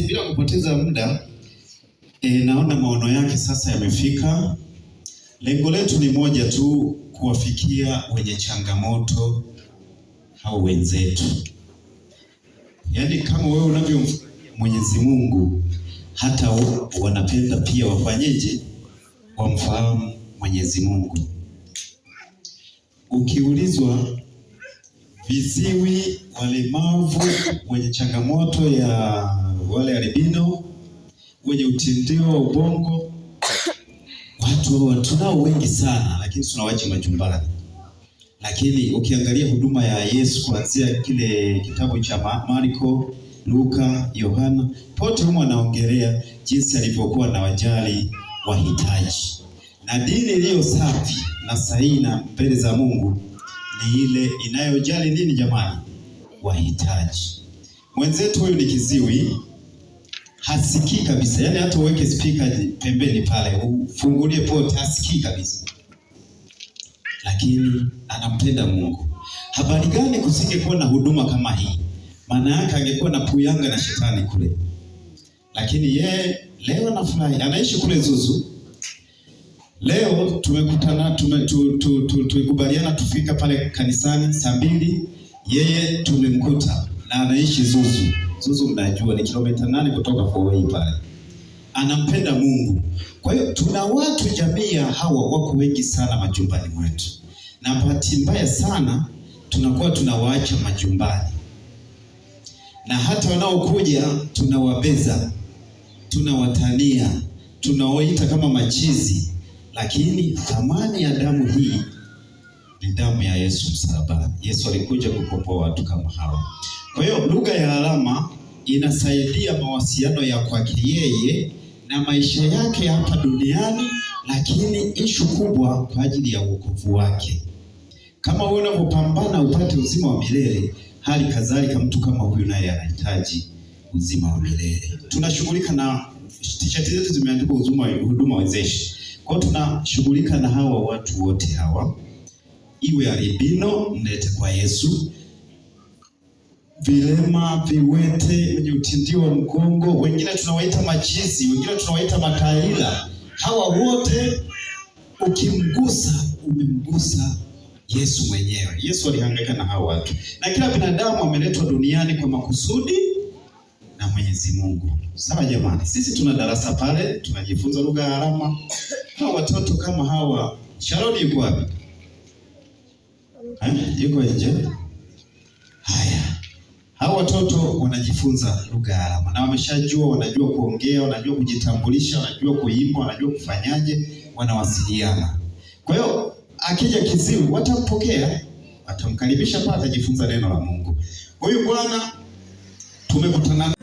Basi bila kupoteza muda e, naona maono yake sasa yamefika. Lengo letu ni moja tu, kuwafikia wenye changamoto hao wenzetu. Yaani kama wewe unavyomfanyia Mwenyezi Mungu, hata wanapenda pia wafanyeje, wamfahamu Mwenyezi Mungu. Ukiulizwa viziwi, walemavu, wenye changamoto ya wale albino, wenye utindio wa ubongo watu hawa tunao wengi sana, lakini tunawaacha majumbani. Lakini ukiangalia huduma ya Yesu kuanzia kile kitabu cha Marko, Luka, Yohana, pote humo anaongelea jinsi alivyokuwa na wajali wahitaji, na dini iliyo safi na sahihi na mbele za Mungu ni ile inayojali nini jamani? Wahitaji. Mwenzetu huyu ni kiziwi hasikii kabisa, Yani hata uweke spika pembeni pale ufungulie pote hasikii kabisa, lakini anampenda Mungu. Habari gani kusingekuwa na huduma kama hii? Maana yake angekuwa na puyanga na shetani kule, lakini yeye leo anafurahi, anaishi kule Zuzu. Leo tumekutana tume, tu, tu, tu, tufika pale kanisani saa mbili, yeye tumemkuta na anaishi Zuzu. Zuzu mnajua ni kilomita nane kutoka Fowei pale. Anampenda Mungu. Kwa hiyo tuna watu jamii ya hawa wako wengi sana majumbani mwetu, na bahati mbaya sana tunakuwa tunawaacha majumbani, na hata wanaokuja tunawabeza, tunawatania, tunawaita kama machizi, lakini thamani ya damu hii ni damu ya Yesu msalabani. Yesu alikuja kukomboa watu kama hawa. Kwa hiyo lugha ya alama inasaidia mawasiliano ya kwake yeye na maisha yake hapa duniani, lakini ishu kubwa kwa ajili ya wokovu wake. Kama wewe unapopambana upate uzima wa milele, hali kadhalika mtu kama huyu naye anahitaji uzima wa milele. Tunashughulika na t-shirt zetu zimeandikwa uzima wa huduma wezeshi. Kwa hiyo tunashughulika na hawa watu wote hawa, iwe albino mlete kwa Yesu vilema, viwete, wenye utindio wa mgongo, wengine tunawaita majizi, wengine tunawaita makaila. Hawa wote ukimgusa, umemgusa Yesu mwenyewe. Yesu alihangaika na hawa watu, na kila binadamu ameletwa duniani kwa makusudi na Mwenyezi Mungu. Sawa jamani, sisi tuna darasa pale, tunajifunza lugha ya alama. Hawa watoto kama hawa, Sharoni yuko wapi? Eh, yuko nje hao watoto wanajifunza lugha ya alama na wameshajua, wanajua kuongea, wanajua kujitambulisha, wanajua kuimba, wanajua kufanyaje, wanawasiliana. Kwa hiyo akija kiziwi watampokea, watamkaribisha pale, atajifunza neno la Mungu. hiyo bwana tumekutana